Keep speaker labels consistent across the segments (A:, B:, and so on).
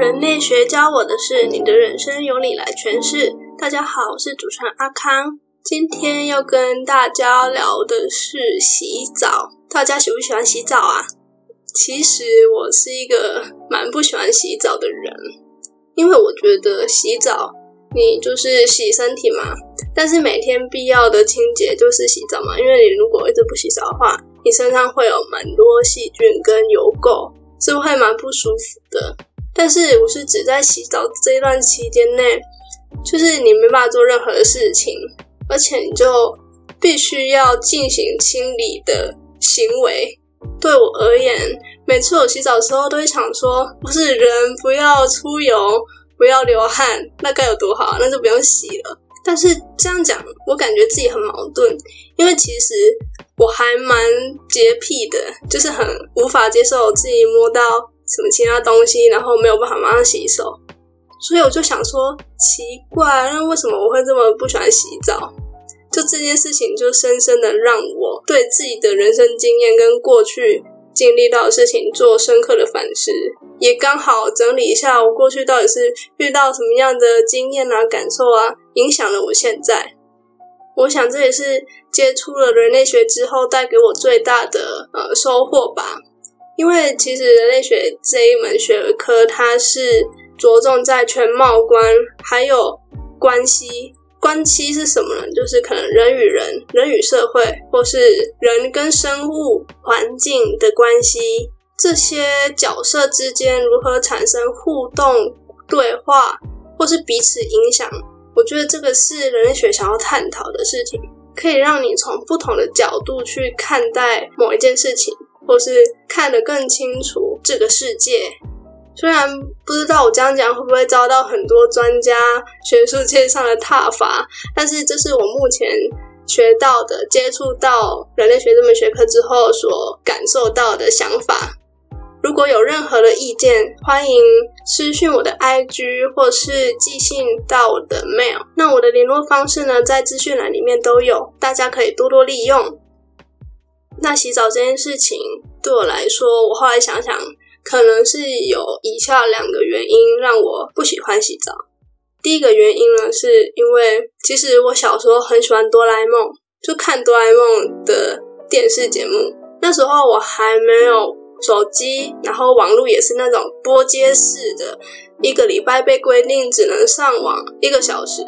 A: 人類學教我的是，你的人生由你來詮釋。大家好，我是主持人阿康，今天要跟大家聊的是洗澡。大家喜不喜歡洗澡啊？其實我是一個蠻不喜歡洗澡的人，因為我覺得洗澡，你就是洗身體嘛。但是每天必要的清潔就是洗澡嘛，因為你如果一直不洗澡的話，你身上會有蠻多細菌跟油垢，是會蠻不舒服的。但是我是只在洗澡這一段期間內，就是你沒辦法做任何的事情，而且你就必須要進行清理的行為。對我而言，每次我洗澡的時候都會想說，不是人不要出油，不要流汗，那該有多好啊，那就不用洗了。但是這樣講，我感覺自己很矛盾，因為其實我還蠻潔癖的，就是很無法接受自己摸到什麼其他東西，然後沒有辦法馬上洗手，所以我就想說奇怪，那為什麼我會這麼不喜歡洗澡？就這件事情，就深深的讓我對自己的人生經驗跟過去經歷到的事情做深刻的反思，也剛好整理一下我過去到底是遇到什麼樣的經驗啊、感受啊，影響了我現在。我想這也是接觸了人類學之後帶給我最大的，呃，收穫吧。因為其實人類學這一門學科，它是着重在全貌觀，還有關係。關係是什麼呢？就是可能人與人、人與社會，或是人跟生物環境的關係，這些角色之間如何產生互動、對話，或是彼此影響。我覺得這個是人類學想要探討的事情，可以讓你從不同的角度去看待某一件事情。或是看得更清楚這個世界，雖然不知道我這樣講會不會遭到很多專家學術界上的撻伐，但是這是我目前學到的、接觸到人類學這門學科之後所感受到的想法。如果有任何的意見，歡迎私訊我的 IG，或是寄信到我的 mail。那我的聯絡方式呢，在資訊欄裡面都有，大家可以多多利用。那洗澡這件事情，對我來說，我後來想想，可能是有以下兩個原因讓我不喜歡洗澡。第一個原因呢，是因為其實我小時候很喜歡哆啦 A 夢，就看哆啦 A 夢的電視節目。那時候我還沒有手機，然後網絡也是那種撥接式的，一個禮拜被規定只能上網一個小時。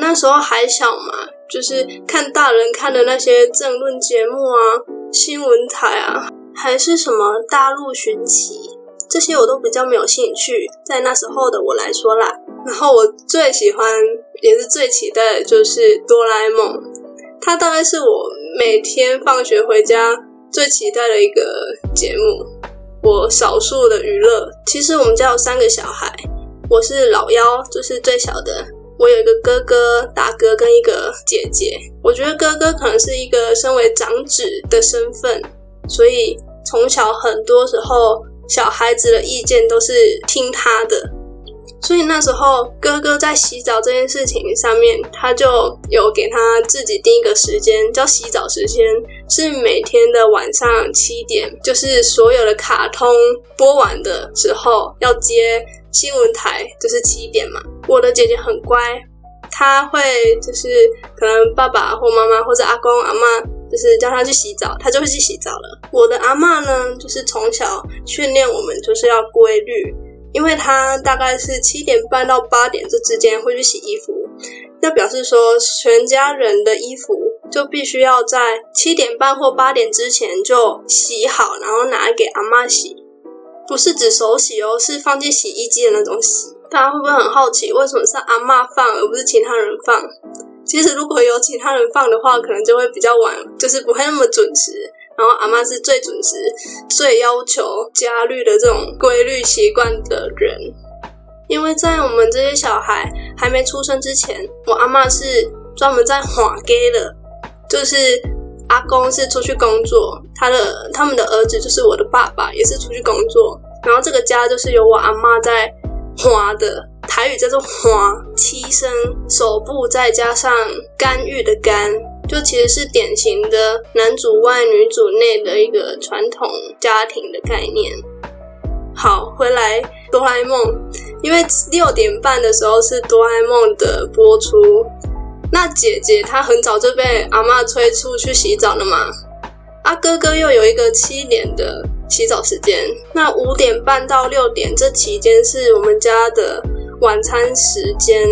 A: 那時候還小嘛，就是看大人看的那些政論節目啊，新聞台啊。還是什麼大陸尋奇，這些我都比較沒有興趣，在那時候的我來說啦。然後我最喜歡也是最期待的就是哆啦 A 夢，它大概是我每天放學回家最期待的一個節目，我少數的娛樂。其實我們家有三個小孩，我是老幺，就是最小的。我有一個哥哥、大哥跟一個姐姐。我覺得哥哥可能是一個身為長子的身份，所以。從小，很多時候小孩子的意見都是聽他的，所以那時候哥哥在洗澡這件事情上面，他就有給他自己定一個時間，叫洗澡時間，是每天的晚上七點，就是所有的卡通播完的時候要接新聞台，就是七點嘛。我的姐姐很乖，她會就是可能爸爸或媽媽或者阿公阿媽，就是叫他去洗澡，他就會去洗澡了。我的阿嬤呢，就是從小訓練我們就是要規律，因為他大概是七點半到八點這之間會去洗衣服，要表示說全家人的衣服就必須要在七點半或八點之前就洗好，然後拿給阿嬤洗，不是指手洗哦，是放進洗衣機的那種洗。大家會不會很好奇，為什麼是阿嬤放，而不是其他人放？其實如果有其他人放的話，可能就會比較晚，就是不會那麼準時。然後阿嬤是最準時，最要求家律的這種規律習慣的人。因為在我們這些小孩還沒出生之前，我阿嬤是專門在花的，就是阿公是出去工作，他的他們的兒子就是我的爸爸，也是出去工作。然後這個家就是由我阿嬤在花的。台語叫做“哇七聲”，手部再加上干預的“干”，就其實是典型的男主外女主內的一個傳統家庭的概念。好，回來哆啦 A 夢，因為六點半的時候是哆啦 A 夢的播出，那姐姐她很早就被阿嬤催促去洗澡了嘛，阿哥哥又有一個七點的洗澡時間，那五點半到六點這期間是我們家的晚餐時間，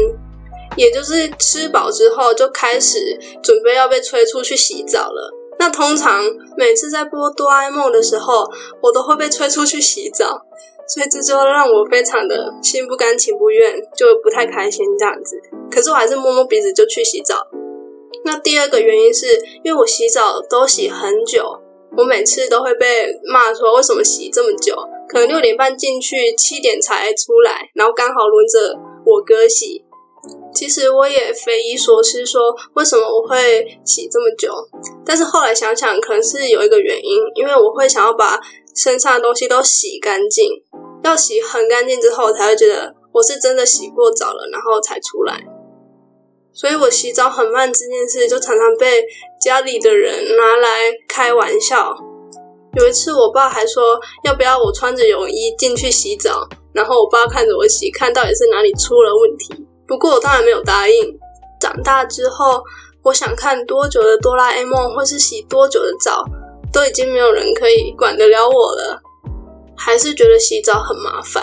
A: 也就是吃飽之後，就開始準備要被催出去洗澡了。那通常每次在播哆啦 A 夢的時候，我都會被催出去洗澡，所以這就讓我非常的心不甘情不願，就不太開心這樣子。可是我還是摸摸鼻子就去洗澡。那第二個原因是因為我洗澡都洗很久，我每次都會被罵說為什麼洗這麼久。可能六點半進去，七點才出來，然後剛好輪着我哥洗。其實我也匪夷所思，說為什麼我會洗這麼久？但是後來想想，可能是有一個原因，因為我會想要把身上的東西都洗乾淨，要洗很乾淨之後，才會覺得我是真的洗過澡了，然後才出來。所以我洗澡很慢這件事，就常常被家裡的人拿來開玩笑。有一次，我爸還說要不要我穿着泳衣進去洗澡，然後我爸看着我洗，看到底是哪裡出了問題。不過我當然沒有答應。長大之後，我想看多久的哆啦 A 夢，或是洗多久的澡，都已經沒有人可以管得了我了。還是覺得洗澡很麻煩。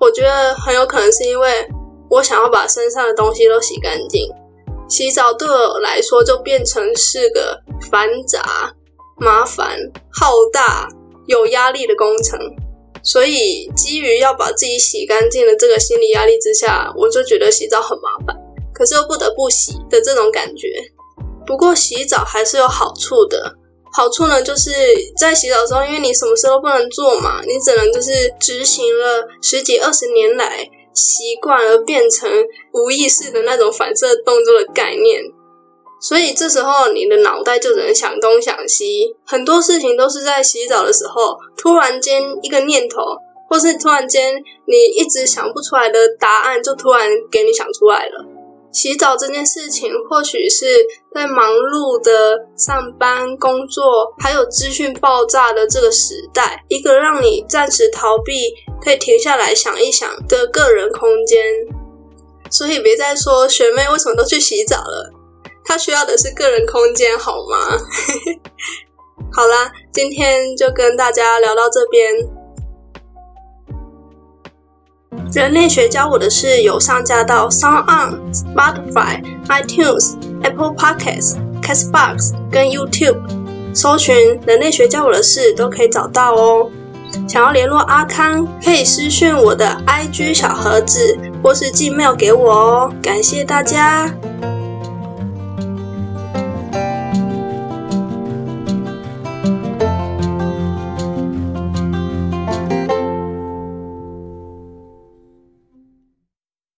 A: 我覺得很有可能是因為我想要把身上的東西都洗乾淨，洗澡對我來說就變成是個繁雜麻煩、浩大、有壓力的工程，所以基於要把自己洗乾淨的這個心理壓力之下，我就覺得洗澡很麻煩，可是又不得不洗的這種感覺。不過洗澡還是有好處的，好處呢就是在洗澡中，因為你什麼事都不能做嘛，你只能就是執行了十幾二十年來習慣而變成無意識的那種反射動作的概念。所以這時候你的腦袋就只能想東想西，很多事情都是在洗澡的時候，突然間一個念頭，或是突然間你一直想不出來的答案，就突然給你想出來了。洗澡這件事情，或許是在忙碌的上班工作，還有資訊爆炸的這個時代，一個讓你暫時逃避，可以停下來想一想的個人空間。所以別再說學妹為什麼都去洗澡了。他需要的是個人空間，好嗎？ 好啦，今天就跟大家聊到這邊。人類學教我的事，有上架到 SoundOn、Spotify、iTunes、Apple Podcasts、Castbox 跟 YouTube，搜尋“人類學教我的事”都可以找到哦。想要聯絡阿康，可以私訊我的 IG 小盒子，或是寄 mail 給我哦。感謝大家。